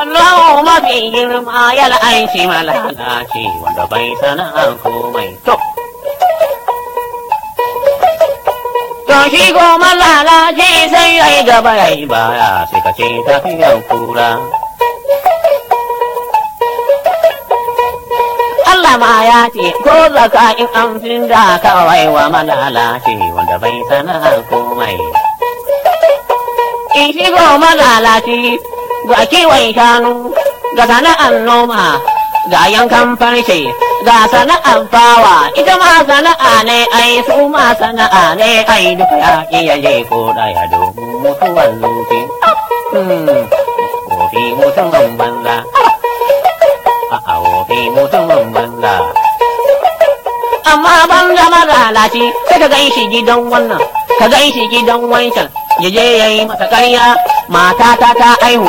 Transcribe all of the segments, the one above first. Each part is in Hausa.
Allahumma ma girma aishi la'anshi malalaci wanda bai sana'a komai to. Don shi ko malalaci sai ya yi gaba ya yi baya sai ka ce tafiyan kura. Allah ma ya ce ko zaka in an da kawai wa malalaci wanda bai sana'a komai. In shi ko malalaci ga kiwon shanu ga sana'ar noma ga yankan farce ga sana'ar fawa ita ma sana'a ne ai su ma sana'a ne ai duka ya iya je ko daya domin mutuwar zuci hmm, wofi mutumin banza a'a wofi mutumin banza amma ban mara lalaci sai ka gan shi gidan wannan ka gan shi gidan wancan Yaje je ya yi masa karya mata ta ta aihu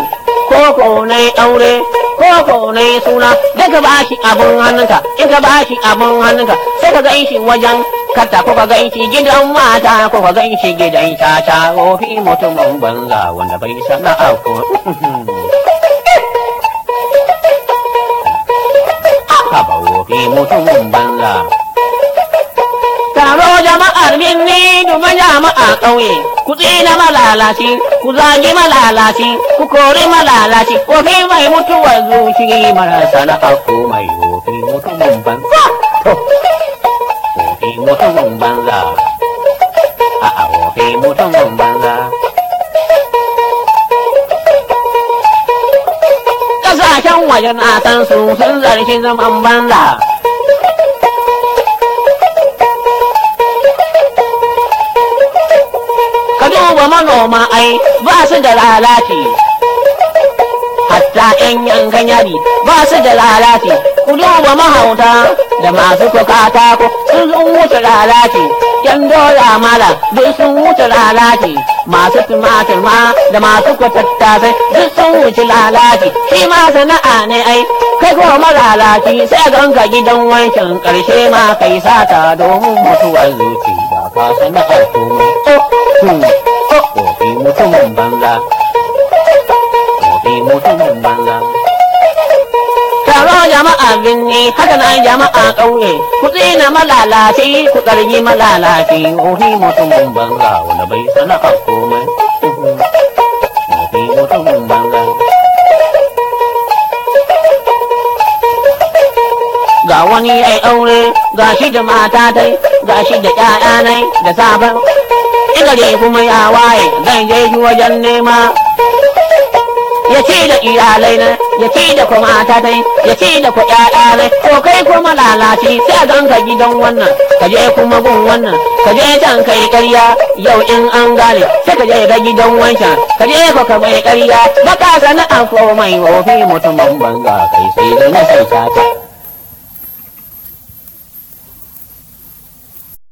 ko ko ne aure ko ko ne suna daga ba shi abun hannunka in ka ba shi abun hannunka sai ka ga shi wajen karta ko ka gan shi gidan mata ko ka gan shi gidan tata ko fi mutumin banza wanda bai a ko wo wofi mutumin banza ku manya ma a ƙauye, ku tsina malalaci, ku zage malalaci, ku kori malalaci, fi mai mutuwar zuci Marasa na ko mai kofi mutuwan banza. Kofi mutuwan banza, a'a kofi mutuwan banza. Ƙasashen wajen a san sun zarshe zaman banza. manoma ai ba su da lalace hatta yan ganyari ba su da lalace ku duba mahauta da masu kokata ko sun wuce lalace yan dola mala duk sun wuce lalace masu tumatir ma da masu kwatattasai duk sun wuce lalace shi ma sana'a ne ai kai kuma malalaci sai ka gidan wankin karshe ma kai sata domin mutuwar zuci ba fa sana'ar komai hmm. Kofi mutumin Kofi mutumin Taro jama'a binne haka na jama'a ƙauye kuɗi na malalaci ku ƙargi malalaci Kofi mutumin bai Kofi mutumin ga wani ai aure ga shi da mata tai ga shi da ƴaƴa da sabon gari kuma ya waye zan je shi wajen nema ya ci da iyalai na ya ci da kuma tatai ya ci da ku ƴaƴa na ko kai kuma lalaci sai a ganka gidan wannan ka je kuma gun wannan ka je can kai ƙarya yau in an gane sai ka je ga gidan wancan ka je ka ka mai ƙarya baka sana'a ko mai wofi mutumin banza kai sai da na sai ta